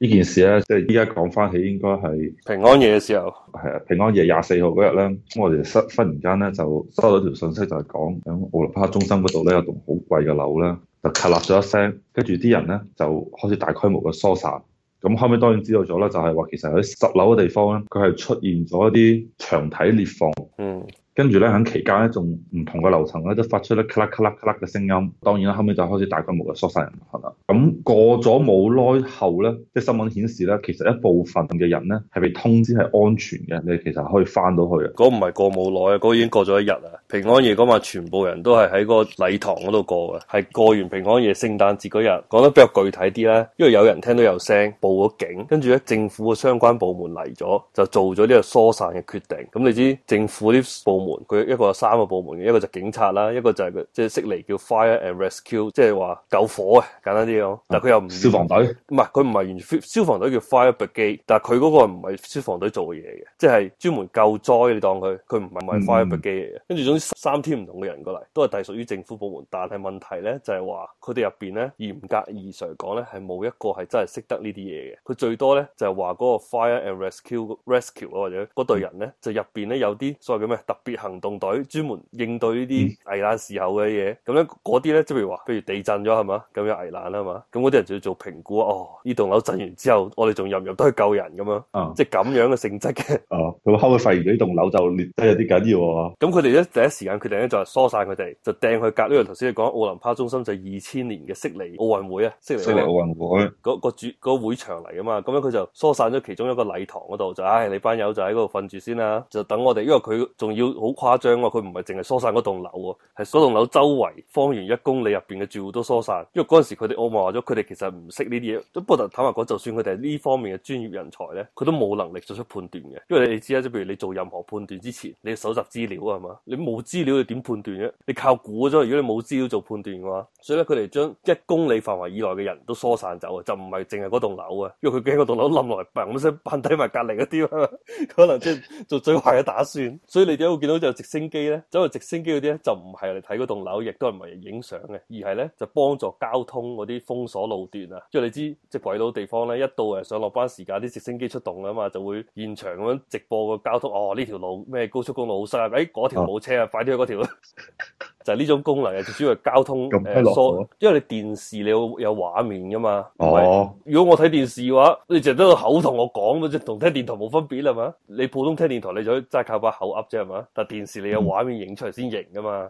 呢件事咧，即係依家講翻起，應該係平安夜嘅時候。係啊， 平安夜廿四號嗰日咧，咁我哋失忽然間咧就收到條信息就，就係講響奧林匹克中心嗰度咧有棟好貴嘅樓咧，就 c o 咗一聲，跟住啲人咧就開始大規模嘅疏散。咁後尾當然知道咗啦，就係話其實喺十樓嘅地方咧，佢係出現咗一啲牆體裂縫。嗯。跟住咧喺期間咧，仲唔同嘅樓層咧都發出咧咔啦咔啦咔啦嘅聲音。當然啦，後尾就開始大規模嘅疏散人羣啦。咁、嗯、過咗冇耐後咧，即係新聞顯示咧，其實一部分嘅人咧係被通知係安全嘅，你其實可以翻到去嘅。嗰唔係過冇耐啊，嗰、那個、已經過咗一日啦。平安夜嗰晚全部人都係喺個禮堂嗰度過嘅，係過完平安夜聖誕節，聖誕節嗰日講得比較具體啲啦，因為有人聽到有聲報咗警，跟住咧政府嘅相關部門嚟咗，就做咗呢個疏散嘅決定。咁、嗯、你知政府啲部門佢一個有三個部門嘅，一個就警察啦，一個就係、是就是、即係悉尼叫 Fire and Rescue，即係話救火嘅、啊、簡單啲咯。但係佢又唔係消防隊，唔係佢唔係完全消防隊叫 fire brigade，但係佢嗰個唔係消防隊做嘢嘅，即係專門救災。你當佢佢唔係唔係 fire brigade 嚟嘅，嗯、跟住三天唔同嘅人過嚟，都係隸屬於政府部門，但係問題咧就係話佢哋入邊咧嚴格意義上講咧係冇一個係真係識得呢啲嘢嘅，佢最多咧就係話嗰個 fire and rescue rescue 或者嗰隊人咧就入邊咧有啲所謂嘅咩特別行動隊，專門應對呢啲危難時候嘅嘢，咁咧嗰啲咧，即譬如話譬如地震咗係嘛，咁樣危難啦嘛，咁嗰啲人就要做評估啊，哦呢棟樓震完之後我哋仲入唔入得去救人咁、嗯、樣，即係咁樣嘅性質嘅，哦咁後尾發現呢棟樓就裂低有啲緊要，咁佢哋一時間決定咧，就係疏散佢哋，就掟去隔呢個頭先你講奧林匹克中心就，就二千年嘅悉尼奧運會啊，悉尼奧運會嗰個主會場嚟噶嘛，咁樣佢就疏散咗其中一個禮堂嗰度，就唉、哎，你班友就喺嗰度瞓住先啦，啊，就等我哋，因為佢仲要好誇張啊，佢唔係淨係疏散嗰棟樓，係嗰棟樓周圍方圓一公里入邊嘅住戶都疏散，因為嗰陣時佢哋我咪話咗，佢哋其實唔識呢啲嘢，咁不過坦白講，就算佢哋係呢方面嘅專業人才咧，佢都冇能力作出判斷嘅，因為你知啦，即譬如你做任何判斷之前，你要搜集資料啊嘛，你冇。冇資料你點判斷啫？你靠估咗。如果你冇資料做判斷嘅話，所以咧佢哋將一公里範圍以內嘅人都疏散走啊，就唔係淨係嗰棟樓啊，因為佢驚嗰棟樓冧落嚟，嘭咁聲搬低埋隔離嗰啲，可能即係做最壞嘅打算。 所以你點解會見到就直升機咧？走去直升機嗰啲就唔係嚟睇嗰棟樓，亦都係唔係影相嘅，而係咧就幫助交通嗰啲封鎖路段啊。即係你知即係鬼佬地方咧，一到誒上落班時間，啲直升機出動啊嘛，就會現場咁樣直播個交通。哦，呢條路咩高速公路好塞啊？誒、哎，嗰條冇車啊！快啲去嗰條啊！ 就呢種功能啊，最主要係交通誒、呃，因為你電視你要有畫面噶嘛。哦，如果我睇電視嘅話，你淨係得個口同我講嘅啫，同聽電台冇分別啦嘛。你普通聽電台，你就齋靠把口噏啫係嘛。但電視你有畫面影出嚟先型噶嘛。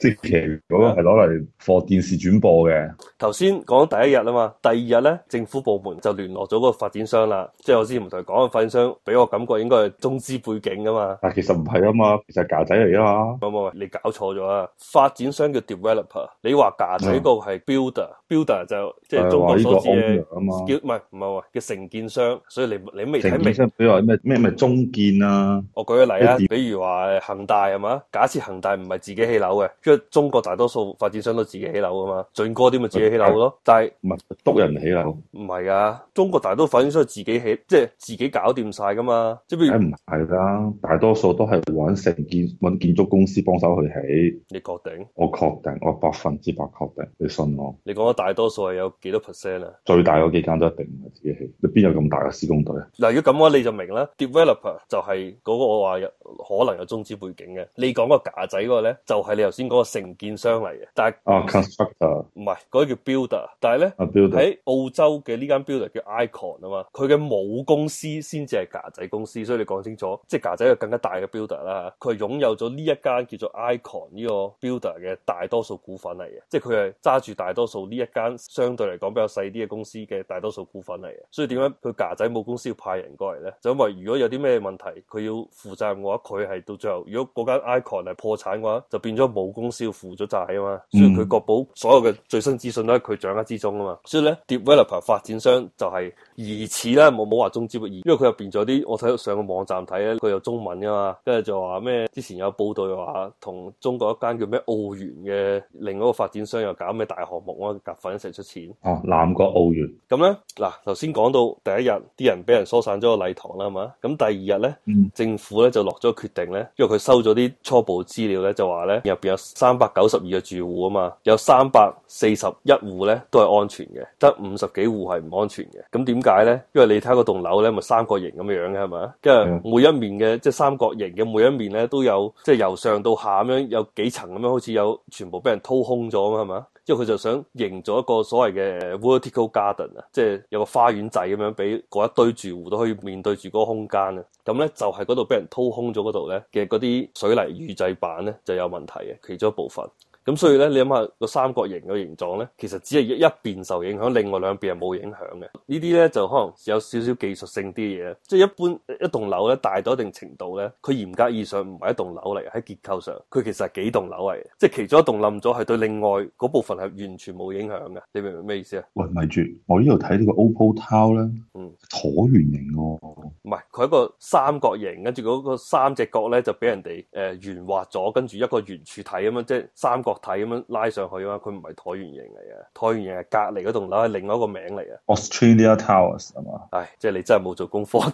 即係咁樣係攞嚟放電視轉播嘅。頭先講第一日啊嘛，第二日咧，政府部門就聯絡咗個發展商啦。即係我之前唔同講嘅發展商，俾我感覺應該係中資背景噶嘛。但其實唔係啊嘛，其實僑仔嚟啊嘛。冇冇，你搞。錯咗啊！發展商嘅 developer，麼你話架起個係 builder，builder 麼就即、是、係、就是、中國所知嘛麼，叫唔係唔係話叫承建商，所以你你未睇明。商比如話咩咩咪中建啊？我舉個例啊，麼比如話恒大係嘛？假設恒大唔係自己起樓嘅，因為中國大多數發展商都自己起樓噶嘛。俊哥啲咪自己起樓咯？是但係唔係督人起樓？唔係啊！中國大多數發展商自己起，即、就、係、是、自己搞掂晒噶嘛。即係譬如唔係啦，大多數都係揾承建揾建築公司幫手去起。你你確定？我確定，我百分之百確定。你信我？你講嘅大多數係有幾多 percent 啊？最大嗰幾間都一定唔係自己起，你邊有咁大嘅施工隊啊？嗱，如果咁嘅話，你就明啦。Developer 就係嗰個我話可能有中資背景嘅。你講個架仔嗰個咧，就係、是、你頭先講個承建商嚟嘅。但係啊、oh，constructor 唔係嗰啲、那個、叫 builder，但 A builder，但係咧喺呢間 builder 喺澳洲嘅呢間 builder 叫 Icon 啊嘛，佢嘅母公司先至係架仔公司，所以你講清楚，即係架仔有更加大嘅 builder 啦。佢擁有咗呢一間叫做 Icon 呢個 builder 嘅大多數股份嚟嘅，即係佢係揸住大多數呢一間相對嚟講比較細啲嘅公司嘅大多數股份嚟嘅，所以點解佢架仔母公司要派人過嚟咧？就因為如果有啲咩問題，佢要負責任嘅話，佢係到最後，如果嗰間 icon 係破產嘅話，就變咗冇公司要負咗債啊嘛。所以佢確保所有嘅最新資訊都喺佢掌握之中啊嘛。所以咧，developer 發展商就係疑似啦，冇冇話中招而，因為佢入邊有啲我睇到上個網站睇咧，佢有中文噶嘛，跟住就話咩之前有報道話同。中國一間叫咩澳元嘅，另一個發展商又搞咩大項目，我夾份一齊出錢。哦、啊，南國澳元。咁咧、嗯，嗱，頭先講到第一日啲人俾人疏散咗個禮堂啦嘛，咁第二日咧，嗯、政府咧就落咗個決定咧，因為佢收咗啲初步資料咧，就話咧入邊有三百九十二個住戶啊嘛，有三百四十一戶咧都係安全嘅，得五十幾戶係唔安全嘅。咁點解咧？因為你睇下嗰棟樓咧，咪、就是、三角形咁樣嘅係嘛，跟住每一面嘅即係三角形嘅每一面咧都有，即、就、係、是、由上到下咁樣。有幾層咁樣，好似有全部俾人掏空咗咁係嘛？之後佢就想營造一個所謂嘅 vertical garden 啊，即係有個花園仔咁樣，俾嗰一堆住戶都可以面對住嗰個空間啊。咁咧就係嗰度俾人掏空咗嗰度咧嘅嗰啲水泥預製板咧就有問題嘅其中一部分。咁所以咧，你諗下個三角形嘅形狀咧，其實只係一一邊受影響，另外兩邊係冇影響嘅。呢啲咧就可能有少少技術性啲嘢，即係一般一棟樓咧大到一定程度咧，佢嚴格意義上唔係一棟樓嚟嘅，喺結構上佢其實係幾棟樓嚟，即係其中一棟冧咗，係對另外嗰部分係完全冇影響嘅。你明唔明咩意思啊？喂，咪住，我呢度睇呢個 Opal Tower 咧，嗯，橢圓形哦，唔係，佢一個三角形，跟住嗰個三隻角咧就俾人哋誒、呃、圓滑咗，跟住一個圓柱體咁樣，即係三角。睇咁樣拉上去啊嘛，佢唔係橢圓形嚟嘅，橢圓形係隔籬嗰棟樓係另外一個名嚟嘅。Australia Towers 係嘛？唉，即係你真係冇做功課。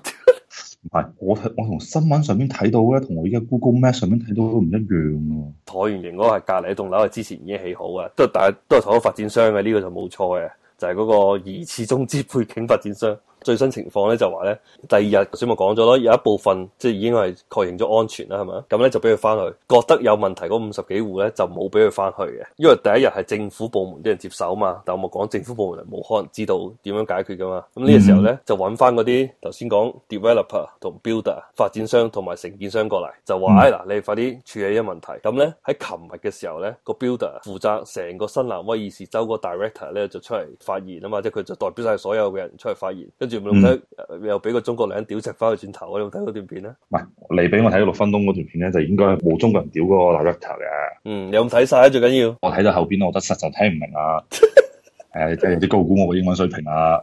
唔 係，我我從新聞上面睇到咧，同我而家 Google Map 上面睇到都唔一樣嘅。橢圓形嗰個係隔籬一棟樓，係之前已經起好嘅，但都係都係同一個發展商嘅，呢、這個就冇錯嘅，就係、是、嗰個疑似中資背景發展商。最新情況咧就話咧，第二日頭先我講咗咯，有一部分即係已經係確認咗安全啦，係咪？咁咧就俾佢翻去，覺得有問題嗰五十幾戶咧就冇俾佢翻去嘅，因為第一日係政府部門啲人接手嘛。但我冇講政府部門冇可能知道點樣解決噶嘛。咁呢個時候咧、嗯、就揾翻嗰啲頭先講 developer 同 builder 發展商同埋承建商過嚟，就話：哎嗱、嗯，你快啲處理呢個問題。咁咧喺琴日嘅時候咧，個 builder 負責成個新南威爾士州個 director 咧就出嚟發言啊嘛，即係佢就代表晒所有嘅人出嚟發言。嗯、又俾個中國女人屌食翻去轉頭啊！你有冇睇過段片咧？唔係嚟俾我睇六分鐘嗰段片咧，就應該冇中國人屌嗰個大吉頭嘅。嗯，你有冇睇晒啊？最緊要我睇到後邊，我覺得實在睇唔明啊。 誒、哎，真係有啲高估我嘅英文水平啦、啊！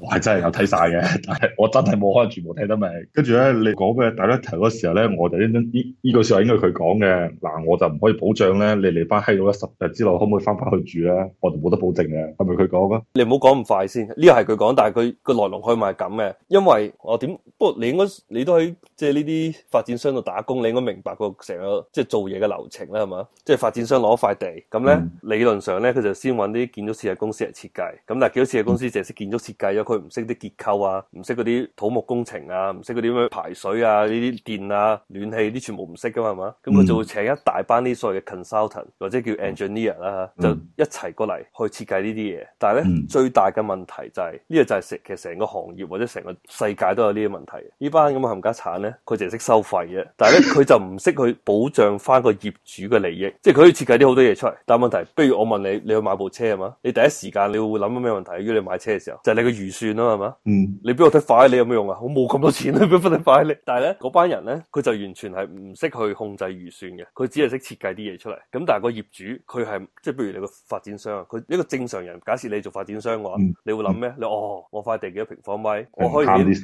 我係真係有睇晒嘅，但係我真係冇可能全部聽得明。跟住咧，你講嘅大家題嗰時候咧，我就呢呢呢句說話應該係佢講嘅。嗱，我就唔可以保障咧，你嚟翻閪到一十日之內可唔可以翻返去住咧？我就冇得保證嘅，係咪佢講啊？你唔好講咁快先，呢個係佢講，但係佢個內容係咪咁嘅？因為我點不過你應該你都喺即係呢啲發展商度打工，你應該明白個成個即係做嘢嘅流程啦，係嘛？即、就、係、是、發展商攞塊地，咁咧、嗯、理論上咧，佢就先揾啲建築事公司嚟設計，咁但係幾多設計公司淨係識建築設計，因為佢唔識啲結構啊，唔識嗰啲土木工程啊，唔識嗰啲咩排水啊，呢啲電啊、暖氣啲全部唔識噶嘛，係嘛？咁佢就會請一大班呢所謂嘅 consultant 或者叫 engineer 啦、啊，就一齊過嚟去設計呢啲嘢。但係咧、嗯、最大嘅問題就係、是、呢、這個就係成其實成個行業或者成個世界都有呢啲問題。這班這呢班咁嘅冚家鏟咧，佢淨係識收費嘅，但係咧佢就唔識去保障翻個業主嘅利益，即係佢可以設計啲好多嘢出嚟。但係問題，不如我問你，你去買部車係嘛？你第一。時間你會諗到咩問題？如果你買車嘅時候，就係、是、你個預算啦，係嘛？嗯，你畀我睇快？你有咩用啊？我冇咁多錢啊，畀我睇快？你，但係咧嗰班人咧，佢就完全係唔識去控制預算嘅，佢只係識設計啲嘢出嚟。咁但係個業主佢係即係，譬如你個發展商啊，佢一個正常人，假設你做發展商嘅話，嗯、你會諗咩？你哦，我塊地幾多平方米，嗯、我可以慳啲使，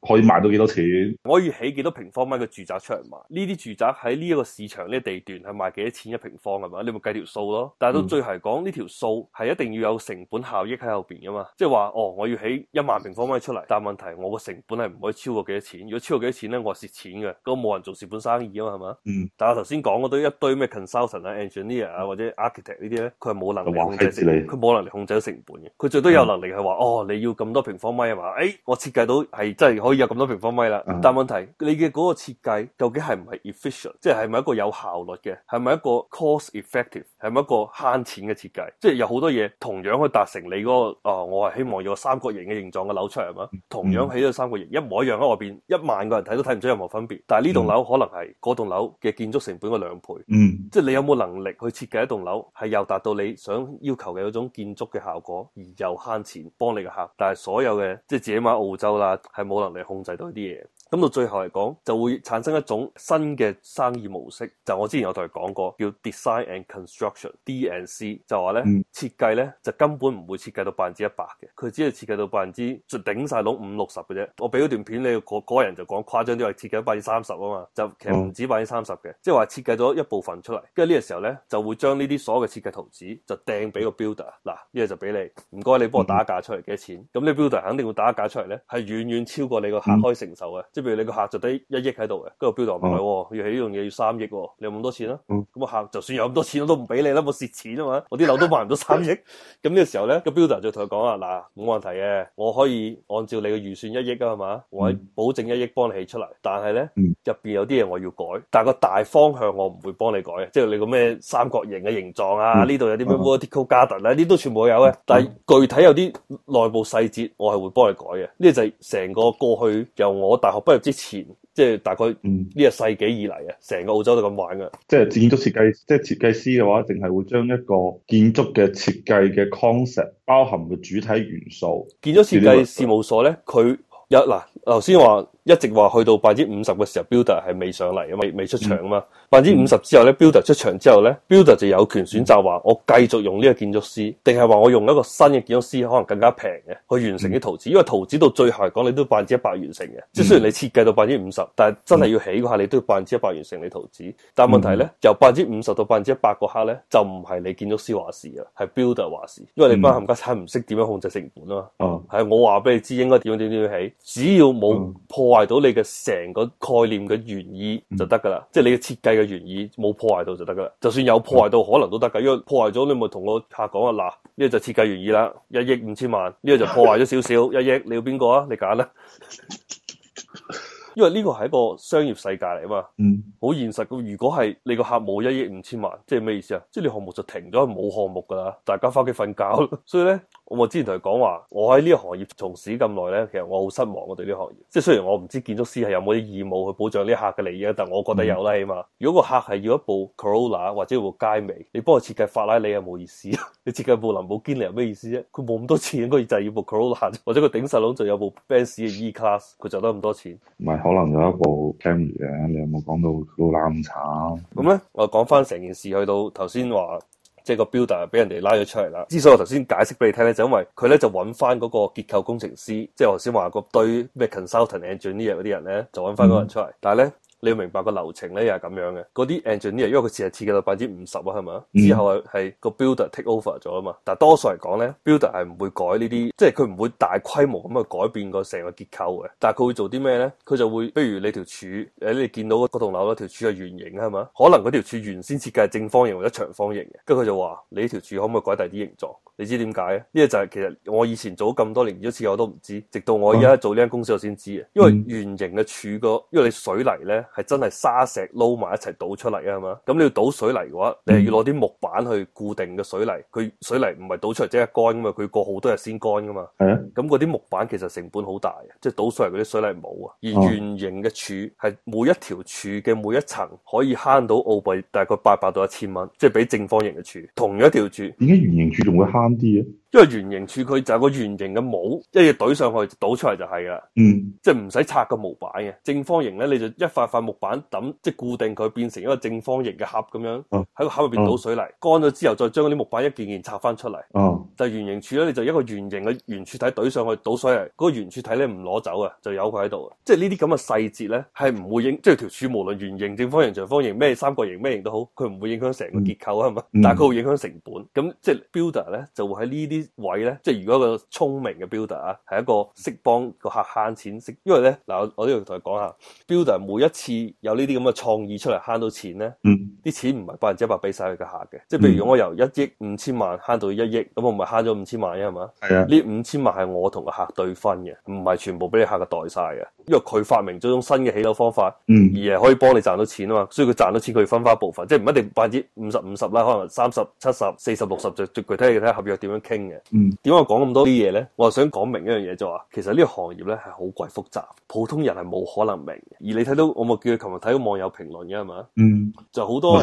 可以賣到幾多錢？我可以起幾多平方米嘅住宅出嚟賣？呢啲住宅喺呢一個市場呢個地段係賣幾多錢一平方？係嘛？你咪計條數咯。但係到最後講呢條數係一定。要有成本效益喺後邊噶嘛，即係話哦，我要起一萬平方米出嚟，但係問題我個成本係唔可以超過幾多錢，如果超過幾多錢咧，我蝕錢嘅，個冇人做蝕本生意啊嘛，係嘛？嗯。但係我頭先講嗰堆一堆咩 consultant 啊、嗯、engineer 啊或者 architect 呢啲咧，佢係冇能力控制，佢冇能力控制成本嘅，佢最多有能力係話哦，你要咁多平方米啊嘛，誒、哎，我設計到係真係可以有咁多平方米啦，嗯、但係問題你嘅嗰個設計究竟係唔係 efficient，即係係咪一個有效率嘅，係咪一個 cost effective，係咪一個慳錢嘅設計？即係有好多嘢。同樣去達成你嗰個、哦，我係希望有三角形嘅形狀嘅樓出嚟係嘛？同樣起咗三角形，一模一樣喺外邊，一萬個人睇都睇唔出任何分別。但係呢棟樓可能係嗰棟樓嘅建築成本嘅兩倍。嗯，即係你有冇能力去設計一棟樓係又達到你想要求嘅嗰種建築嘅效果，而又慳錢幫你嘅客？但係所有嘅即係自己喺澳洲啦、啊，係冇能力控制到呢啲嘢。咁到最後嚟講，就會產生一種新嘅生意模式，就我之前有同你講過，叫 design and construction，D and C，就話咧、嗯、設計咧就根本唔會設計到百分之一百嘅，佢只係設計到百分之就頂晒籠五六十嘅啫。我俾咗段片，你嗰個人就講誇張啲話設計百分之三十啊嘛，就其實唔止百分之三十嘅，即係話設計咗一部分出嚟，跟住呢個時候咧就會將呢啲所有嘅設計圖紙就掟俾個 builder，嗱呢、呢個、就俾你，唔該你幫我打價出嚟幾多錢，咁呢 builder 肯定會打價出嚟咧，係遠遠超過你個客開承受嘅。嗯即係譬如你個客就得一億喺度嘅，跟住個標代話唔係要起呢樣嘢要三億喎、哦，你有咁多錢咯、啊？咁個、嗯、客就算有咁多錢我都唔俾你啦，我蝕錢啊嘛，我啲樓都賣唔到三億。咁呢 個時候咧， 個標代、er、就同佢講啊，嗱，冇問題嘅、啊，我可以按照你嘅預算一億啊，係嘛？嗯、我係保證一億幫你起出嚟，但係咧，入邊、嗯、有啲嘢我要改，但係個大方向我唔會幫你改，即係你、就是、你個咩三角形嘅形狀啊，呢度、嗯、有啲咩 vertical garden 咧，呢都全部有嘅。但係具體有啲內部細節我係會幫你改嘅。呢就係成個過去由我大學。不如之前，即、就、係、是、大概呢個世紀以嚟啊，成、嗯、個澳洲都咁玩㗎。即係建築設計，即係設計師嘅話，淨係會將一個建築嘅設計嘅 concept 包含嘅主體元素。建築設計事務所咧，佢 有，嗱，頭先話。一直話去到百分之五十嘅時候，builder 係未上嚟啊嘛，未未出場啊嘛。百分之五十之後咧，builder 出場之後咧，builder 就有權選擇話我繼續用呢個建築師，定係話我用一個新嘅建築師，可能更加平嘅去完成啲圖紙。因為圖紙到最後嚟講，你都百分之一百完成嘅。即係雖然你設計到百分之五十，但係真係要起嗰下，你都要百分之一百完成你圖紙。但係問題咧，由百分之五十到百分之一百嗰刻咧，就唔係你建築師話事啊，係 builder 話事。因為你班冚家鏟唔識點樣控制成本啊嘛。係、嗯啊、我話俾你知應該點樣點點樣起，只要冇破。壞到你嘅成個概念嘅原意就得噶啦，嗯、即係你嘅設計嘅原意冇破壞到就得噶啦。就算有破壞到，嗯、可能都得噶，因為破壞咗你咪同個客講啊嗱，呢、這個就設計原意啦，一億五千萬，呢、這個就破壞咗少少， 一億你要邊個啊？你揀啦， 因為呢個係一個商業世界嚟啊嘛，嗯，好現實噶。如果係你個客冇一億五千萬，即係咩意思啊？即係你項目就停咗，冇項目噶啦，大家翻屋企瞓覺。所以咧。我之前同佢講話，我喺呢個行業從事咁耐咧，其實我好失望我、啊、對呢個行業。即係雖然我唔知建築師係有冇啲義務去保障呢客嘅利益，但我覺得有啦、嗯、起碼。如果個客係要一部 Corolla 或者要部街尾，你幫佢設計法拉利係冇意思。 你設計部林寶堅尼係咩意思啫？佢冇咁多錢，佢就係要一部 Corolla 或者佢頂實窿就有部 Benz 嘅 E Class，佢就得咁多錢。唔係，可能有一部 Camry 嘅。你有冇講到老闆咁慘？咁咧，我講翻成件事去到頭先話。即係個 builder 俾人哋拉咗出嚟啦。之所以我頭先解釋俾你聽呢，就是、因為佢咧就揾翻嗰個結構工程師，即係頭先話個堆 consultant engineer 呢樣嗰啲人咧，就揾翻嗰人出嚟。但係呢。你要明白個流程咧，又係咁樣嘅。嗰啲 engineer 因為佢成日設計到百分之五十啊，係咪、嗯、之後係、個 builder take over 咗啊嘛。但係多數嚟講咧，builder 係唔會改呢啲，即係佢唔會大規模咁去改變個成個結構嘅。但係佢會做啲咩咧？佢就會，不如你條柱，誒你見到嗰棟樓條柱係圓形，係咪？可能嗰條柱原先設計係正方形或者長方形嘅，跟住佢就話你呢條柱可唔可以改第二啲形狀？你知點解咧？呢個就係、是、其實我以前做咁多年建築設計我都唔知，直到我而家做呢間公司我先知嘅。因為圓形嘅柱個，因為你水泥咧。係真係沙石撈埋一齊倒出嚟啊，係嘛？咁你要倒水泥嘅話，你係要攞啲木板去固定嘅水泥。佢水泥唔係倒出嚟即刻乾噶嘛，佢過好多日先乾噶嘛。係啊、嗯。咁嗰啲木板其實成本好大嘅，就是，即係倒出嚟嗰啲水泥冇啊。而圓形嘅柱係每一條柱嘅每一層可以慳到澳幣大概八百到一千蚊，即係比正方形嘅柱同一條柱。點解圓形柱仲會慳啲嘅？因為圓形柱佢就係個圓形嘅帽，一嘢懟上去倒出嚟就係啦。嗯，即係唔使拆個模板嘅。正方形咧，你就一塊塊木板抌，即係固定佢，變成一個正方形嘅盒咁樣。喺個盒入邊倒水泥，啊、乾咗之後再將啲木板一件件拆翻出嚟。哦、啊，就圓形柱咧，你就一個圓形嘅圓柱體懟上去倒水泥，嗰個圓柱體咧唔攞走啊，就有佢喺度。即係呢啲咁嘅細節咧，係唔會影響，即係條柱無論圓形、正方形、長方形咩三角形咩形都好，佢唔會影響成個結構係咪？嗯、但係佢會影響成本。咁、嗯、即係 builder 咧就會喺呢啲。位咧，即係如果個聰明嘅 builder 啊，係一個識幫個客慳錢，識因為咧嗱，我我都要同佢講下，builder 每一次有呢啲咁嘅創意出嚟慳到錢咧，啲、嗯、錢唔係百分之一百俾晒佢個客嘅，即係譬如我由一億五千萬慳到一億，咁我唔係慳咗五千萬嘅係嘛？係啊，呢五是的 千萬係我同個客對分嘅，唔係全部俾你客個袋晒嘅，因為佢發明咗種新嘅起樓方法，而係可以幫你賺到錢啊嘛，所以佢賺到錢佢會分返一部分，即係唔一定百分之五十五十啦，可能三十七十四十六十，就具體你睇下合約點樣傾嘅。嗯，點解我講咁多啲嘢咧？我係想講明一樣嘢就話，其實呢個行業咧係好鬼複雜，普通人係冇可能明嘅。而你睇到我咪叫佢琴日睇到網友評論嘅係嘛？嗯， 就好多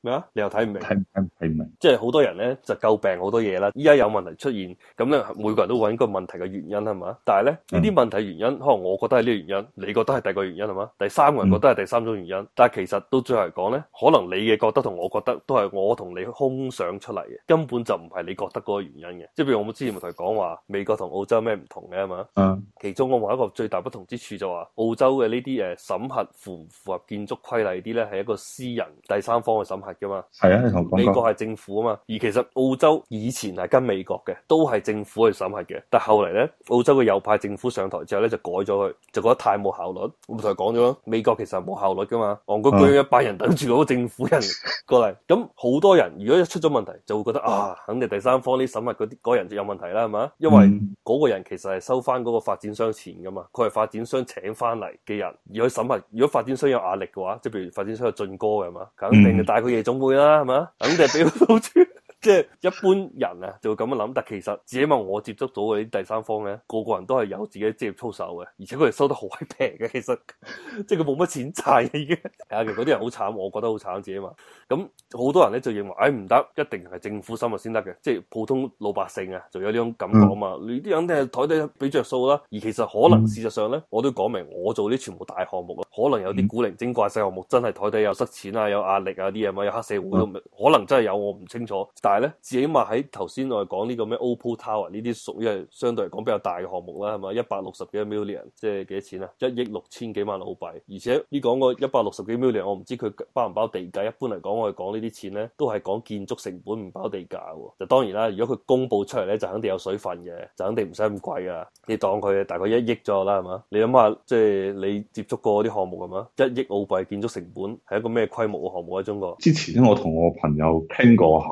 咩啊？ 你又睇唔明？睇睇唔明。 即係好多人咧就詬病好多嘢啦。依家有問題出現，咁咧每個人都搵個問題嘅原因係嘛？但係咧呢啲、嗯、問題原因，可能我覺得係呢個原因，你覺得係第二個原因係嘛？第三個人覺得係第三種原因，嗯、但係其實到最後嚟講咧，可能你嘅覺得同我覺得都係我同你空想出嚟嘅，根本就唔係你覺得嗰個原因嘅。即係譬如我之前咪同佢講話，美國同澳洲有咩唔同嘅係嘛？嗯，其中我話一個最大不同之處就話澳洲嘅呢啲誒審核符符合建築規例啲咧，係一個私人第三方嘅審核㗎嘛。係啊、嗯，美國係政府啊嘛。嗯、而其實澳洲以前係跟美國嘅，都係政府去審核嘅。但係後嚟咧，澳洲嘅右派政府上台之後咧，就改咗佢，就覺得太冇效率。我咪同佢講咗咯，美國其實係冇效率㗎嘛，昂嗰句一班人等住嗰個政府人過嚟，咁好、嗯、 多人如果一出咗問題，就會覺得啊，肯定第三方啲審核嗰人就有問題啦，係嘛？因為嗰個人其實係收翻嗰個發展商錢噶嘛，佢係發展商請翻嚟嘅人，而去審核。如果發展商有壓力嘅話，即係譬如發展商係進哥嘅，係嘛？肯定就帶佢夜總會啦，係嘛？肯定俾佢到處。 即係一般人啊，就會咁樣諗，但其實只係嘛，我接觸到嘅啲第三方咧，個個人都係有自己職業操守嘅，而且佢哋收得好鬼平嘅，其實 即係佢冇乜錢賺嘅。係啊， 其實嗰啲人好慘，我覺得好慘，只係嘛。咁、嗯、好多人咧就認為，誒唔得，一定係政府審核先得嘅，即係普通老百姓啊，就有呢種感覺啊嘛。嗯、你啲人定係台底俾着數啦。而其實可能事實上咧，我都講明，我做啲全部大項目啊，可能有啲古靈精怪細項目真係台底有塞錢啊，有壓力啊啲嘢嘛，有黑社會都可能真係有，我唔清楚。但但係咧，至少嘛喺頭先我哋講呢個咩 Opal Tower 呢啲屬於係相對嚟講比較大嘅項目啦，係嘛？一百六十幾 million，即係幾多錢啊？一億六千幾萬澳幣。而且呢講個一百六十幾 million，我唔知佢包唔包地價。一般嚟講，我哋講呢啲錢咧，都係講建築成本唔包地價喎。就當然啦，如果佢公佈出嚟咧，就肯定有水分嘅，就肯定唔使咁貴噶。你當佢大概一億左右啦，係嘛？你諗下，即係你接觸過啲項目係嘛？一億澳幣建築成本係一個咩規模嘅項目喺中國？之前我同我朋友傾過下，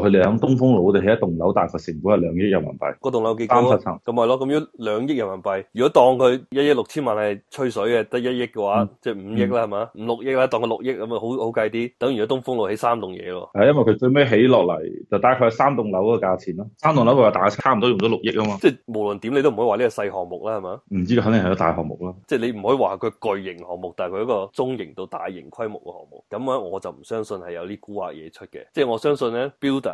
佢哋喺東風路，佢起一棟樓，大概成本係兩億人民幣。個棟樓幾多層層？咁咪咯，咁樣兩億人民幣，如果當佢一億六千萬係吹水嘅，得一億嘅話，即係五億啦，係咪？五六億啦，當佢六億咁咪好好計啲，等於喺東風路起三棟嘢咯。係，因為佢最尾起落嚟就大概三棟樓個價錢咯。三棟樓佢話大概差唔多用咗六億啊嘛。即係無論點，你都唔可以話呢個細項目啦，係咪？唔知佢肯定係個大項目啦。即係你唔可以話佢巨型項目，但係佢一個中型到大型規模嘅項目。咁樣，我就唔相信係有啲蠱惑嘢出嘅。即係我相信咧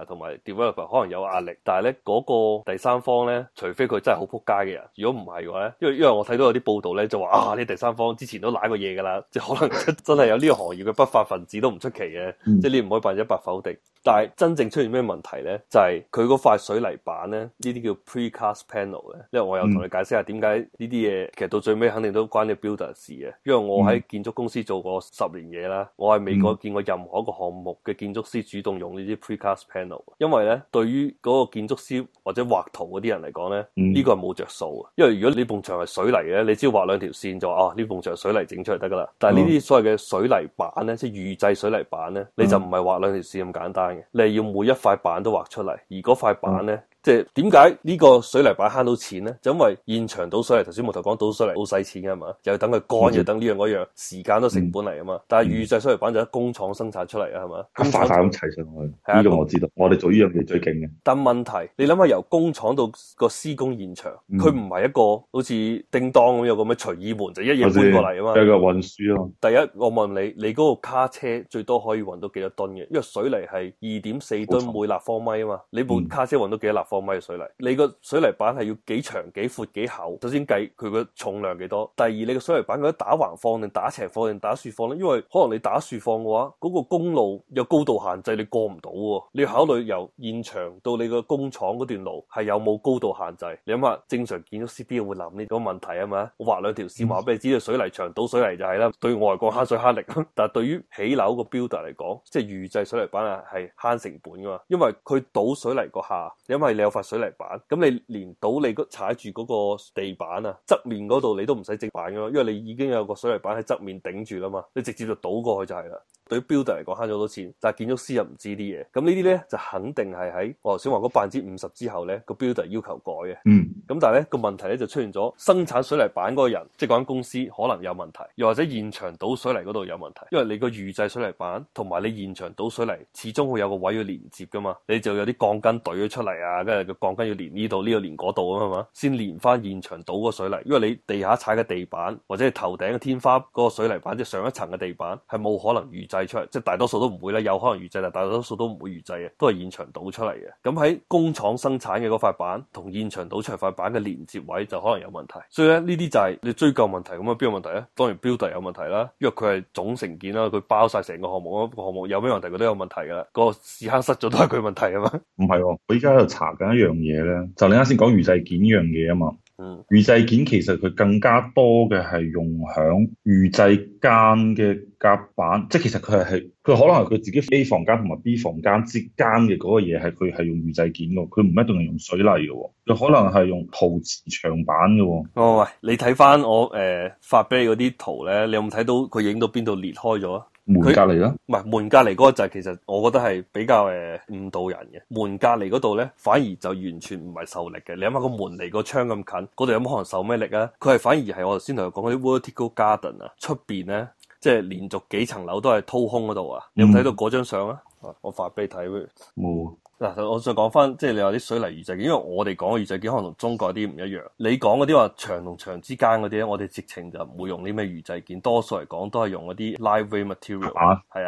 同埋 developer 可能有壓力，但係咧嗰個第三方咧，除非佢真係好撲街嘅人，如果唔係嘅話咧，因為因為我睇到有啲報道咧，就話啊，你第三方之前都舐過嘢㗎啦，即係可能真係有呢個行業嘅不法分子都唔出奇嘅，嗯、即係你唔可以百分之一百否定。但係真正出現咩問題咧，就係佢嗰塊水泥板咧，呢啲叫 precast panel 嘅，因為我有同你解釋下點解呢啲嘢其實到最尾肯定都關啲 builder 事嘅，因為我喺建築公司做過十年嘢啦，我喺美國見過任何一個項目嘅建築師主動用呢啲 precast panel。因為咧，對於嗰個建築師或者畫圖嗰啲人嚟講咧，呢、嗯、個係冇着數嘅。因為如果你埲牆係水泥嘅，你只要畫兩條線就話啊，呢埲牆水泥整出嚟得噶啦。但係呢啲所謂嘅水泥板咧，即係預製水泥板咧，你就唔係畫兩條線咁簡單嘅，你係要每一塊板都畫出嚟，而嗰塊板咧。嗯嗯即係點解呢個水泥板慳到錢咧？就因為現場倒水泥，頭先木頭講倒水泥好使錢噶係嘛，又等佢乾，嗯、又等呢樣嗰樣，時間都成本嚟啊嘛。但係預製水泥板就喺工廠生產出嚟啊，係嘛，咁快咁砌上去。呢、啊、個我知道，我哋做呢樣嘢最勁嘅。但係問題，你諗下由工廠到個施工現場，佢唔係一個好似叮當咁有咁嘅隨意門，就是、一夜搬過嚟啊嘛。第一個運輸咯、啊。第一，我問你，你嗰個卡車最多可以運到幾多噸嘅？因為水泥係二點四噸每立方米啊嘛，嗯、你部卡車運到幾多立方米？米水泥，你個水泥板係要幾長、幾闊、幾厚？首先計佢個重量幾多。第二，你個水泥板佢打橫放定打斜放定打豎放咧？因為可能你打豎放嘅話，嗰個公路有高度限制，你過唔到喎。你要考慮由現場到你個工廠嗰段路係有冇高度限制？你諗下，正常建築師邊會諗呢個問題啊嘛，我畫兩條線，話俾你知，水泥牆倒水泥就係啦。對外嚟講慳水慳力，但係對於起樓個 builder 嚟講，即係預製水泥板啊，係慳成本噶嘛。因為佢倒水泥個下，因為。你有塊水泥板，咁你連倒你踩住嗰個地板啊側面嗰度，你都唔使直板噶嘛，因為你已經有個水泥板喺側面頂住啦嘛，你直接就倒過去就係啦。對 builder 嚟講慳咗好多錢，但係建築師又唔知啲嘢，咁呢啲咧就肯定係喺我頭先話嗰百分之五十之後咧，個 builder 要求改嘅。嗯，咁但係咧個問題咧就出現咗生產水泥板嗰個人，即係嗰間公司可能有問題，又或者現場倒水泥嗰度有問題，因為你個預製水泥板同埋你現場倒水泥始終會有個位要連接噶嘛，你就有啲鋼筋隊咗出嚟啊，跟住個鋼筋要連呢度，呢度連嗰度啊嘛，先連翻現場倒嗰水泥，因為你地下踩嘅地板或者係頭頂嘅天花嗰個水泥板即係上一層嘅地板係冇可能預製。即係大多數都唔會咧，有可能預製啦，大多數都唔會預製嘅，都係現場倒出嚟嘅。咁喺工廠生產嘅嗰塊板同現場倒出嚟塊板嘅連接位就可能有問題，所以咧呢啲就係你追究問題咁啊邊個問題咧？當然 builder 有問題啦，因為佢係總成件啦，佢包晒成個項目，個項目有咩問題佢都有問題噶啦，個屎坑塞咗都係佢問題啊嘛。唔係、哦，我依家喺度查緊一樣嘢咧，就你啱先講預製件呢樣嘢啊嘛。嗯、預製件其實佢更加多嘅，係用響預製間嘅夾板，即係其實佢係佢可能佢自己 A 房間同埋 B 房間之間嘅嗰個嘢，係佢係用預製件嘅。佢唔一定係用水泥嘅，佢可能係用陶瓷牆板嘅。哦，喂，你睇翻我誒、呃、發俾你嗰啲圖咧，你有冇睇到佢影到邊度裂開咗啊？門隔籬咯，唔係門隔籬嗰個就其實我覺得係比較誒呃、誤導人嘅。門隔籬嗰度咧，反而就完全唔係受力嘅。你諗下個門離個窗咁近，嗰度有冇可能受咩力啊？佢係反而係我頭先同佢講嗰啲 vertical garden 啊，出邊咧，即係連續幾層樓都係掏空嗰度啊。嗯、你有冇睇到嗰張相啊？我發俾你睇，冇。嗱、啊，我想講翻，即、就、係、是、你話啲水泥預製件，因為我哋講嘅預製件可能同中國啲唔一樣。你講嗰啲話牆同牆之間嗰啲咧，我哋直情就唔會用啲咩預製件，多數嚟講都係用嗰啲 lightweight material，係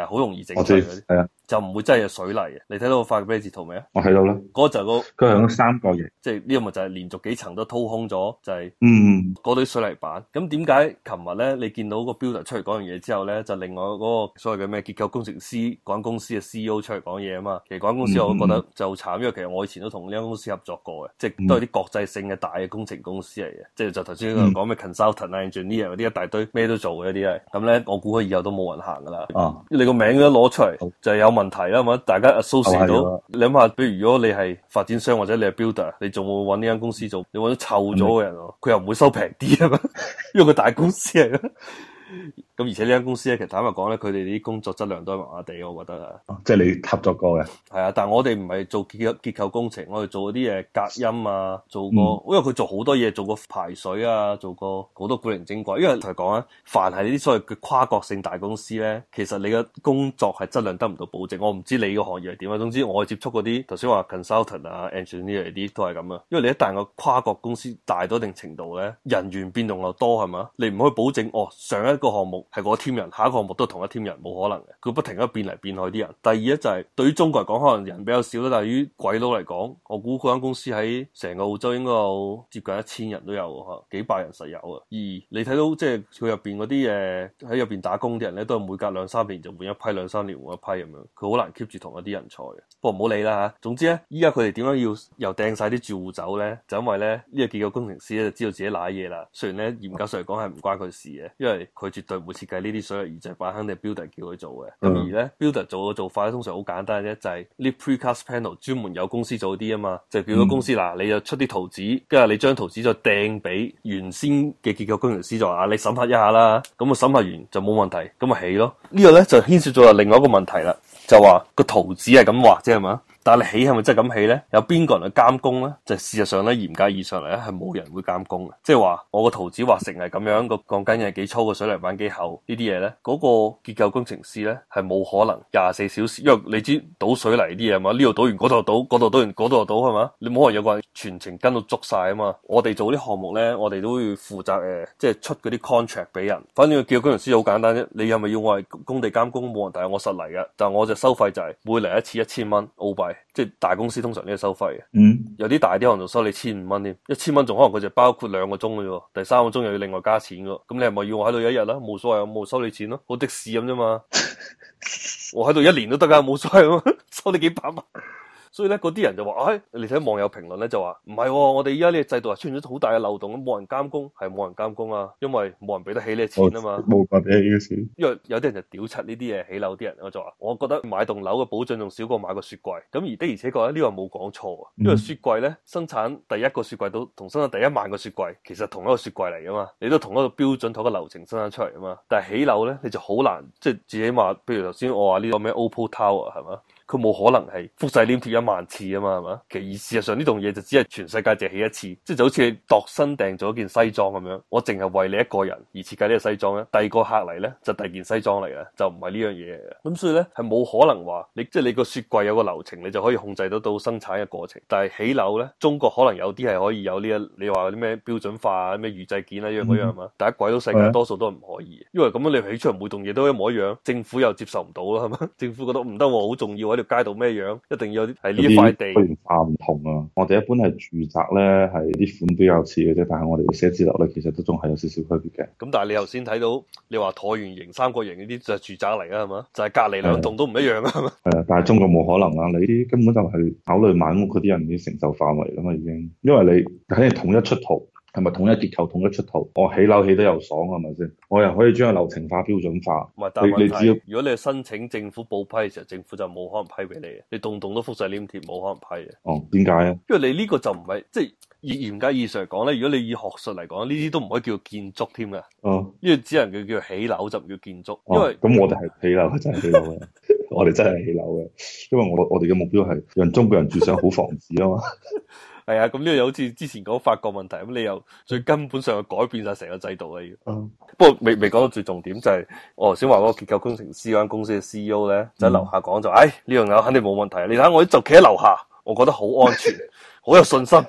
啊，好、啊、容易整嘅嗰啲。就唔會真係有水泥嘅，你睇到我發嘅咩截圖未啊？我睇到啦。嗰就係個佢係三個嘢，即係呢個咪就係連續幾層都掏空咗，就係嗯嗰堆水泥板。咁點解琴日咧你見到個 builder 出嚟講完嘢之後咧，就另外嗰個所謂嘅咩結構工程師講公司嘅 CEO 出嚟講嘢啊嘛？其實間公司我覺得就慘，因為、嗯、其實我以前都同呢間公司合作過嘅，即係都係啲國際性嘅大嘅工程公司嚟嘅，嗯、即係就頭先講咩 consultant、嗯、engineer 啲一大堆咩都做嘅一啲啊。咁咧我估佢以後都冇人行噶啦。啊，你個名都攞出嚟就有問題啦，嘛大家 associate 到，你諗下，比如如果你係發展商或者你係 builder，你仲會揾呢間公司做？你揾臭咗嘅人，佢是又唔會收平啲，啊嘛，因為個大公司嚟㗎。 咁而且呢間公司咧，其實坦白講咧，佢哋啲工作質量都係麻麻地，我覺得啊、哦，即係你合作過嘅係啊。但係我哋唔係做結結構工程，我哋做嗰啲誒隔音啊，做過因為佢做好多嘢，做過排水啊，做過好多古靈精怪。因為頭先講啊，凡係呢啲所謂嘅跨國性大公司咧，其實你嘅工作係質量得唔到保證。我唔知你個行業係點啊。總之我接觸嗰啲頭先話 consultant 啊、engineer 啲都係咁啊。因為你一旦個跨國公司大到一定程度咧，人員變動又多係嘛，你唔可以保證哦。上一個項目，係嗰 team 人，下一個項目都同一 team 人，冇可能嘅。佢不停咁變嚟變去啲人。第二咧就係對於中國嚟講，可能人比較少啦。但係於鬼佬嚟講，我估嗰間公司喺成個澳洲應該有接近一千人都有，吓幾百人實有啊。二你睇到即係佢入邊嗰啲誒喺入邊打工啲人咧，都係每隔兩三年就換一批，兩三年換一批咁樣。佢好難 keep 住同一啲人才。不過唔好理啦吓。總之咧，依家佢哋點樣要又掟晒啲住戶走咧，就因為咧呢個幾個工程師咧知道自己瀨嘢啦。雖然咧嚴格上嚟講係唔關佢事嘅，因為佢絕對會。設計呢啲所有預製板，就是、肯定係 builder 叫佢做嘅。咁、嗯、而咧呢，builder 做嘅做法咧，通常好簡單嘅，啫，就係、是、呢 precast panel 專門有公司做啲啊嘛，就叫個公司嗱，嗯、你就出啲圖紙，跟住你將圖紙再掟俾原先嘅結構工程師，就話你審核一下啦。咁啊審核完就冇問題，咁咪起咯。個呢個咧就牽涉咗另外一個問題啦，就話個圖紙係咁畫啫，係嘛？但你起係咪真係咁起咧？有邊個人去監工咧？就係事實上咧，嚴格意義上嚟咧，係冇人會監工嘅。即係話我個圖紙畫成係咁樣，個鋼筋係幾粗，個水泥板幾厚呢啲嘢咧，嗰、嗰個結構工程師咧係冇可能廿四小時，因為你知倒水泥啲嘢嘛？呢度倒完嗰度倒，嗰度倒完嗰度又倒係嘛？你冇可能有個人全程跟到捉晒啊嘛？我哋做啲項目咧，我哋都會負責誒，即係出嗰啲 contract 俾人。反正個結構工程師好簡單啫，你係咪要我係工地監工？冇人帶我實嚟嘅，但我就我收費就係每嚟一次一千蚊澳幣。即係大公司通常都係收費嘅，嗯、有啲大啲可能就收你千五蚊添，一千蚊仲可能佢就包括兩個鐘嘅啫，第三個鐘又要另外加錢嘅，咁你係咪要我喺度一日啦？冇所謂，我冇收你錢咯，好的士咁啫嘛， 我喺度一年都得噶，冇所謂，收你幾百萬。所以咧，嗰啲人就話，誒、哎，你睇網友評論咧就話，唔係、哦，我哋依家呢個制度啊，出現咗好大嘅漏洞，咁冇人監工係冇人監工啊，因為冇人俾得起呢、哦、個錢啊嘛，冇人俾得起嘅錢。因為有啲人就屌柒呢啲嘢起樓啲人，我就話，我覺得買棟樓嘅保障仲少過買個雪櫃，咁而的而且確咧呢個冇講錯啊，因為雪櫃咧生產第一個雪櫃都同生產第一萬個雪櫃其實同一個雪櫃嚟噶嘛，你都同一個標準同一個流程生產出嚟啊嘛，但係起樓咧你就好難，即係至少話，譬如頭先我話呢、這個咩 Opal Tower 係嘛。佢冇可能係複製黏貼一萬次啊嘛，係嘛？其實而事實上呢棟嘢就只係全世界淨起一次，即係就好似你度身訂做一件西裝咁樣，我淨係為你一個人而設計呢個西裝咧。第二個客嚟咧，就第二件西裝嚟嘅，就唔係呢樣嘢嚟嘅。咁所以咧係冇可能話你即係你個雪櫃有個流程，你就可以控制得到生產嘅過程。但係起樓咧，中國可能有啲係可以有呢一你話啲咩標準化啊、咩預製件啊，樣嗰樣嘛。但係鬼佬世界多數都唔可以，因為咁樣你起出嚟每棟嘢都一模一樣，政府又接受唔到啦，係嘛？政府覺得唔得喎，好重要街道咩樣，一定要有啲喺呢塊地多元化唔同啊！我哋一般係住宅咧，係啲款比較似嘅啫，但係我哋嘅寫字樓咧，其實都仲係有少少區別嘅。咁、嗯、但係你頭先睇到，你話橢圓形、三角形呢啲就係住宅嚟噶係嘛？就係、是、隔籬兩棟都唔一樣啊嘛。係啊的， 但係中國冇可能啊！你啲根本就係考慮買屋嗰啲人嘅承受範圍噶嘛，已經，因為你肯定統一出圖。係咪統一結構統一出圖？我、哦、起樓起得又爽係咪先？我又可以將流程化標準化。唔係，但係你只要如果你係申請政府報批嘅時候，政府就冇可能批俾你嘅。你棟棟都覆晒黏貼，冇可能批嘅。哦，點解啊？因為你呢個就唔係即係嚴格意義上講咧。如果你以學術嚟講，呢啲都唔可以叫建築添嘅。嗯、哦。因為只能叫叫做起樓就唔叫建築。哦、因為咁，哦、我哋係起樓，真係起樓嘅。 我哋真係起樓嘅，因為我我哋嘅目標係讓中國人住上好房子啊嘛。 係啊，咁呢個又好似之前講法國問題，咁你又最根本上嘅改變晒成個制度啊！嗯，不過未未講到最重點，就係、是、我頭先話嗰個結構工程師嗰間公司嘅 C E O 咧，就喺樓下講就，唉、嗯，呢樣嘢肯定冇問題，你睇下，我就企喺樓下，我覺得好安全，好 有信心。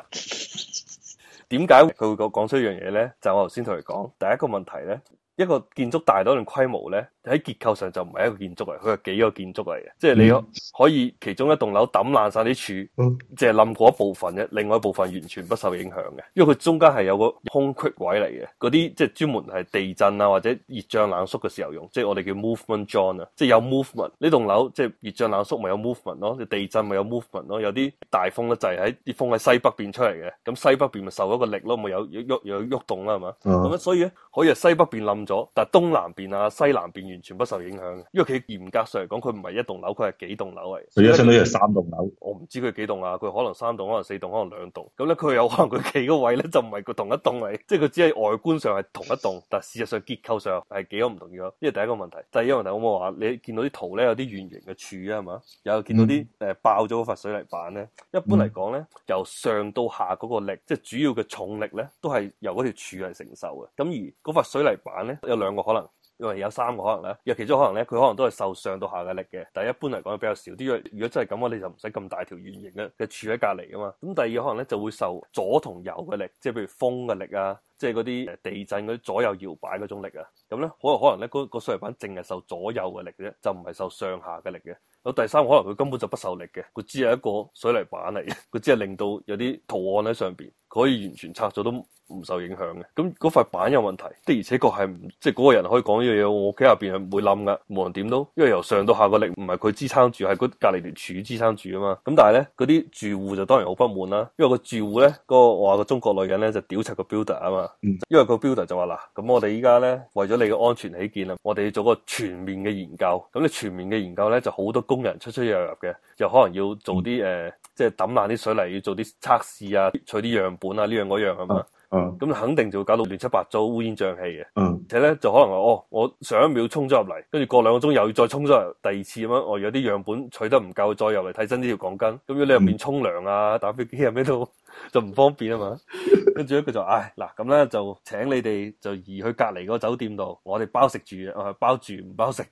點解佢會講講出一樣嘢咧？就是、我頭先同佢講，第一個問題咧。一個建築大到咁規模咧，喺結構上就唔係一個建築嚟，佢係幾個建築嚟嘅。即係你可以其中一棟樓抌爛晒啲柱，即係冧過一部分嘅，另外一部分完全不受影響嘅，因為佢中間係有個空隙位嚟嘅。嗰啲即係專門係地震啊或者熱脹冷縮嘅時候用，即係我哋叫 movement joint 啊，即係有 movement，呢棟樓即係熱脹冷縮咪有 movement 咯，即係地震咪有 movement 咯，有啲大風咧就係喺啲風喺西北邊出嚟嘅，咁西北邊咪受咗個力咯，咪有喐有喐動啦係嘛，咁、嗯、所以咧可以喺西北邊冧咗。但係東南邊啊、西南邊完全不受影響，因為佢嚴格上嚟講，佢唔係一棟樓，佢係幾棟樓嚟。佢一層都係三棟樓，我唔知佢幾棟啊。佢可能三棟，可能四棟，可能兩棟。咁咧，佢有可能佢企個位咧就唔係佢同一棟嚟，即係佢只係外觀上係同一棟，但事實上結構上係幾多唔同樣。因為第一個問題，第二個問題好唔好，我冇話你見到啲圖咧有啲圓形嘅柱啊嘛，有見到啲誒、mm. 爆咗嗰塊水泥板咧，一般嚟講咧，由上到下嗰個力，mm. 即係主要嘅重力咧，都係由嗰條柱係承受嘅。咁而嗰塊水泥板咧。有兩個可能，因為有三個可能啦。若其中可能咧，佢可能都係受上到下嘅力嘅，但係一般嚟講比較少啲。如果真係咁，我你就唔使咁大條圓形啦，就處喺隔籬㗎嘛。咁第二個可能咧，就會受左同右嘅力，即係譬如風嘅力啊。即係嗰啲誒地震嗰啲左右搖擺嗰種力啊，咁咧可能可能咧嗰個水泥板淨係受左右嘅力嘅啫，就唔係受上下嘅力嘅。有第三可能佢根本就不受力嘅，佢只係一個水泥板嚟嘅，佢只係令到有啲圖案喺上邊，佢可以完全拆咗都唔受影響嘅。咁嗰塊板有問題的，而且確係即係嗰個人可以講呢樣嘢，我屋企入邊係唔會冧噶，冇人點到，因為由上到下個力唔係佢支撐住，係隔離條柱支撐住啊嘛。咁但係咧嗰啲住戶就當然好不滿啦，因為個住戶咧嗰、嗰個我話個中國女人咧就屌柒個 builder 啊嘛。因為個 builder 就話啦，咁我哋依家咧為咗你嘅安全起見啦，我哋要做個全面嘅研究。咁你全面嘅研究咧就好多工人出出入入嘅，又可能要做啲誒、嗯呃，即係抌爛啲水泥，要做啲測試啊，取啲樣本啊，呢樣嗰樣啊嘛。嗯，咁肯定就會搞到亂七八糟、烏煙瘴氣嘅。嗯，而且咧就可能話，哦，我上一秒衝咗入嚟，跟住過兩個鐘又要再衝咗入，第二次咁樣，我有啲樣本取得唔夠，再入嚟睇真呢條鋼筋。咁如果你入面沖涼啊、打飛機啊咩都就唔方便啊嘛。跟住咧佢就，唉，嗱，咁咧就請你哋就移去隔離個酒店度，我哋包食住包住唔包食。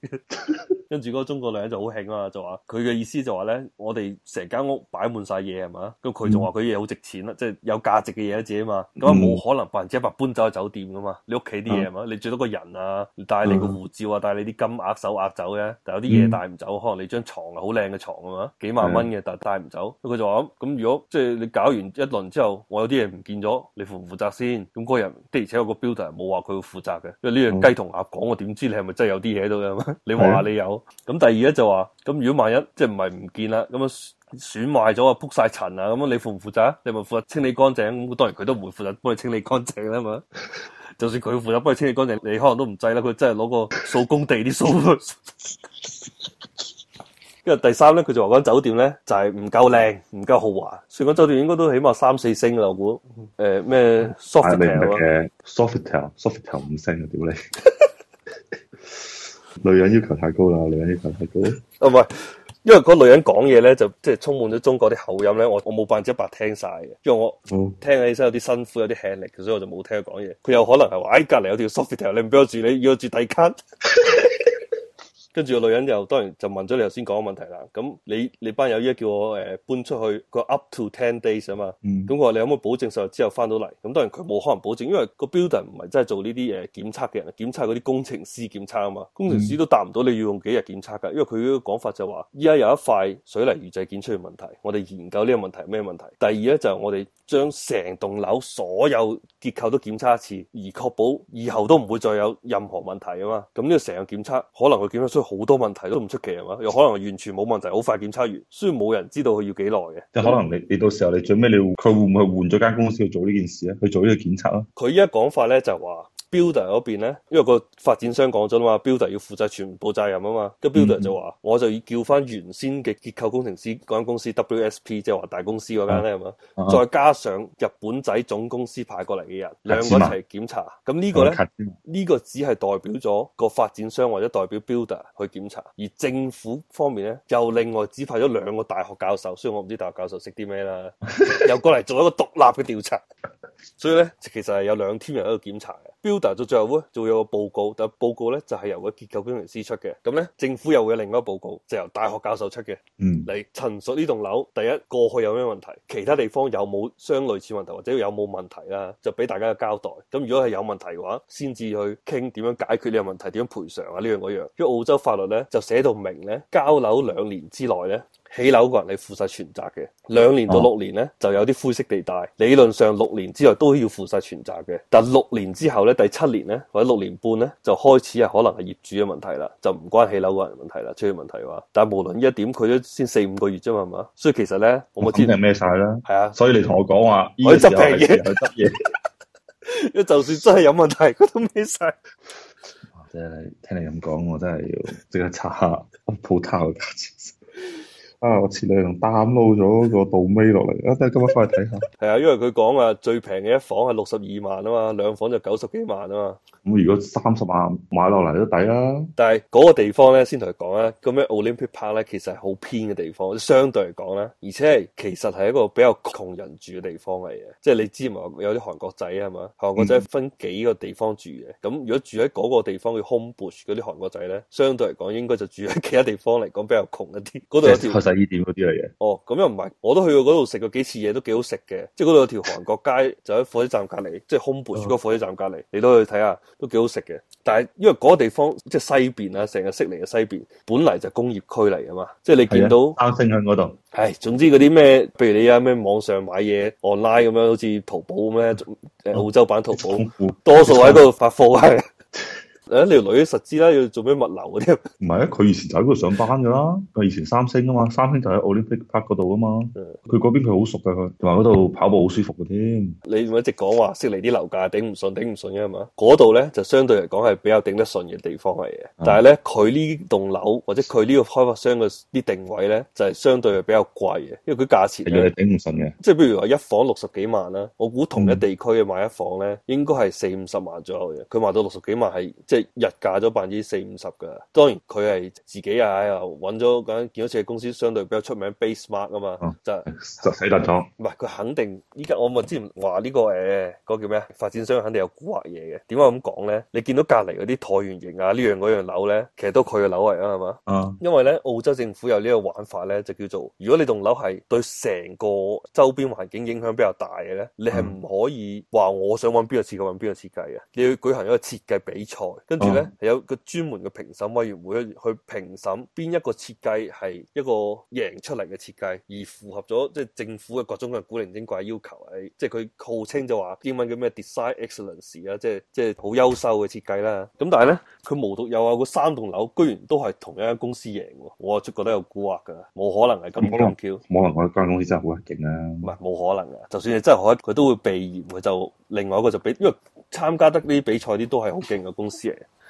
跟住嗰個中國女人就好興啊，就話佢嘅意思就話咧，我哋成間屋擺滿晒嘢係嘛，咁佢仲話佢嘢好值錢啦，即係有價值嘅嘢一隻啊嘛，咁、嗯嗯冇可能百分之一百搬走去酒店噶嘛？你屋企啲嘢係嘛？嗯、你最多個人啊，帶你個護照啊，帶你啲金額手押走嘅。但有啲嘢帶唔走，嗯、可能你張床係，好靚嘅床啊嘛，幾萬蚊嘅，嗯、但係帶唔走。佢就話咁，如果即係、就是、你搞完一輪之後，我有啲嘢唔見咗，你負唔負責先？咁、那個人的而且個、er、有個 builder 冇話佢會負責嘅，因為呢個雞同鴨講，嗯、我點知你係咪真係有啲嘢喺度嘅？你話你有。咁的第二咧就話咁，如果萬一即係唔係唔見啦，咁啊。損壞咗啊，撲晒塵啊，咁你負唔負責啊？你咪負責清理乾淨，咁當然佢都唔會負責幫你清理乾淨啦嘛。 就算佢負責幫你清理乾淨，你可能都唔制啦。佢真係攞個掃工地啲掃。跟 住第三咧，佢就話嗰間酒店咧就係、是、唔夠靚，唔夠豪華。所以講酒店應該都起碼三四星啦，我估。誒咩？Sofitel，Sofitel，Sofitel 五星啊？屌你！女人要求太高啦，女人要求太高。哦，唔係。因為嗰女人講嘢咧，就即係充滿咗中國啲口音咧，我我冇百分之一百聽晒嘅，因為我、嗯、聽起身有啲辛苦，有啲吃力，所以我就冇聽佢講嘢。佢有可能係話，哎，隔籬有條 Sofitel，你唔俾我住，你要我住底卡。 」跟住個女人又當然就問咗你頭先講嘅問題啦。咁你你班友依家叫我誒、呃、搬出去個 up to ten days 啊嘛。咁佢話你可唔可以保證十日之後翻到嚟？咁、嗯、當然佢冇可能保證，因為個 builder 唔係真係做呢啲誒檢測嘅人啊，檢測嗰啲工程師檢測啊嘛。工程師都答唔到你要用幾日檢測㗎，因為佢嗰個講法就話依家有一塊水泥預製件出現問題，我哋研究呢個問題係咩問題。第二咧就係、我哋將成棟樓所有結構都檢測一次，而確保以後都唔會再有任何問題啊嘛。咁、嗯、呢、嗯這個成個檢測可能佢檢得出。好多問題都唔出奇啊，又可能完全冇問題，好快檢測完，雖然冇人知道佢要幾耐嘅。即可能你你到時候你最尾，你，佢會唔會換咗間公司去做呢件事咧？去做呢個檢測啦。佢依家講法咧就話。builder 嗰邊咧，因為個發展商講咗啦嘛，builder 要負責全部責任啊嘛，跟 builder、嗯、就話，我就要叫翻原先嘅結構工程師嗰間公司、嗯、WSP，即係話大公司嗰間咧，係嘛、嗯，吧再加上日本仔總公司派過嚟嘅人，啊、兩個一齊檢查。咁、啊、呢個咧，呢、啊啊啊啊、個只係代表咗個發展商或者代表 builder 去檢查，而政府方面咧，又另外指派咗兩個大學教授，雖然我唔知大學教授識啲咩啦，啊、 又過嚟做一個獨立嘅調查。所以咧，其實係有兩 team 人喺度檢查嘅。到最後咧，仲有個報告，但係報告咧就係、係、由個結構工程師出嘅。咁咧，政府又會有另外一個報告，就係、由大學教授出嘅，嚟、嗯、陳述呢棟樓第一過去有咩問題，其他地方有冇相類似問題或者有冇問題啦，就俾大家個交代。咁如果係有問題嘅話，先至去傾點樣解決呢個問題，點樣賠償啊呢樣嗰樣。因為澳洲法律咧就寫到明咧，交樓兩年之內咧，起樓嗰人你負晒全責嘅，兩年到六年咧、哦、就有啲灰色地帶，理論上六年之內都要負晒全責嘅，但六年之後咧，第七年咧或者六年半咧就開始係可能係業主嘅問題啦，就唔關起樓嗰人的問題啦，出現問題嘅話，但係無論一點，佢都先四五個月啫嘛嘛，所以其實咧，我冇知你孭晒啦？係啊，所以你同我講話，我執嘅嘢，我執嘢，就算真係有問題，佢都孭晒？即 係聽你咁講，我真係要即刻查下鋪頭嘅價錢。 啊！我前兩日攤到咗個倒尾落嚟，啊，等我今日翻去睇下。係啊，因為佢講啊，最平嘅一房係六十二萬啊嘛，兩房就九十幾萬啊嘛。咁如果三十萬買落嚟都抵啦。但係嗰個地方咧，先同你講咧，咁樣 Olympic Park 咧，其實係好偏嘅地方，相對嚟講咧，而且係其實係一個比較窮人住嘅地方嚟嘅。即係你知唔知有啲韓國仔係嘛？韓國仔分幾個地方住嘅。咁、嗯、如果住喺嗰個地方嘅 Home Bush 嗰啲韓國仔咧，相對嚟講應該就住喺其他地方嚟講比較窮一啲。嗰度 有 依點嗰啲嚟嘅？哦，咁又唔係，我都去過嗰度食過幾次嘢，都幾好食嘅。即係嗰度有條韓國街， 就喺火車站隔籬，即係空盤住個火車站隔籬。你都可以睇下，都幾好食嘅。但係因為嗰個地方即係西邊啊，成個悉尼嘅西邊，本嚟就工業區嚟啊嘛。即係你見到啱升響嗰度。係、哎，總之嗰啲咩，譬如你有咩網上買嘢 online 咁樣，好似淘寶咁咩，誒澳洲版淘寶，啊、多數喺嗰度發貨係。誒你條女實知啦，要做咩物流嗰啲？唔係啊，佢以前就喺嗰度上班噶啦。佢 以前三星啊嘛，三星就喺奧林匹克嗰度啊嘛。佢嗰的邊佢好熟嘅佢，同埋嗰度跑步好舒服嘅添。你咪一直講話悉尼啲樓價頂唔順，頂唔順嘅係嘛？嗰度咧就相對嚟講係比較頂得順嘅地方嚟嘅。的但係咧，佢呢棟樓或者佢呢個開發商嘅啲定位咧，就係、是、相對係比較貴嘅，因為佢價錢係你頂唔順嘅。即係譬如話一房六十幾萬啦，我估同一地區嘅買一房咧，應該係四五十萬左右嘅。佢賣到六十幾萬係即係。就是日價咗百分之四五十噶，當然佢係自己啊，又揾咗間建築設計公司相對比較出名 base mark 啊嘛，就就、嗯、死，死得咗。唔係佢肯定依家我咪之前話呢、這個誒嗰、欸那個叫咩啊？發展商肯定有蠱惑嘢嘅。點解咁講咧？你見到隔籬嗰啲橢圓形啊樣樣呢樣嗰樣樓咧，其實都佢嘅樓嚟啊，係嘛？嗯，因為咧澳洲政府有呢個玩法咧，就叫做如果你棟樓係對成個周邊環境影響比較大嘅咧，你係唔可以話我想揾邊個設計揾邊個設計嘅，你要舉行一個設計比賽。跟住咧有個專門嘅評審委員會去評審邊一個設計係一個贏出嚟嘅設計，而符合咗即係政府嘅各種嘅古靈精怪要求，係即係佢號稱就話英文叫咩 design excellence 啊，即係即係好優秀嘅設計啦。咁但係咧，佢無獨有偶，個三棟樓居然都係同一間公司贏喎，我係真覺得有古怪㗎，冇可能係咁巧。冇可能嗰間公司真係好勁啊！唔係冇可能嘅，就算你真係好，佢都會避嫌，佢就另外一個就畀，因為參加得呢啲比賽啲都係好勁嘅公司贏。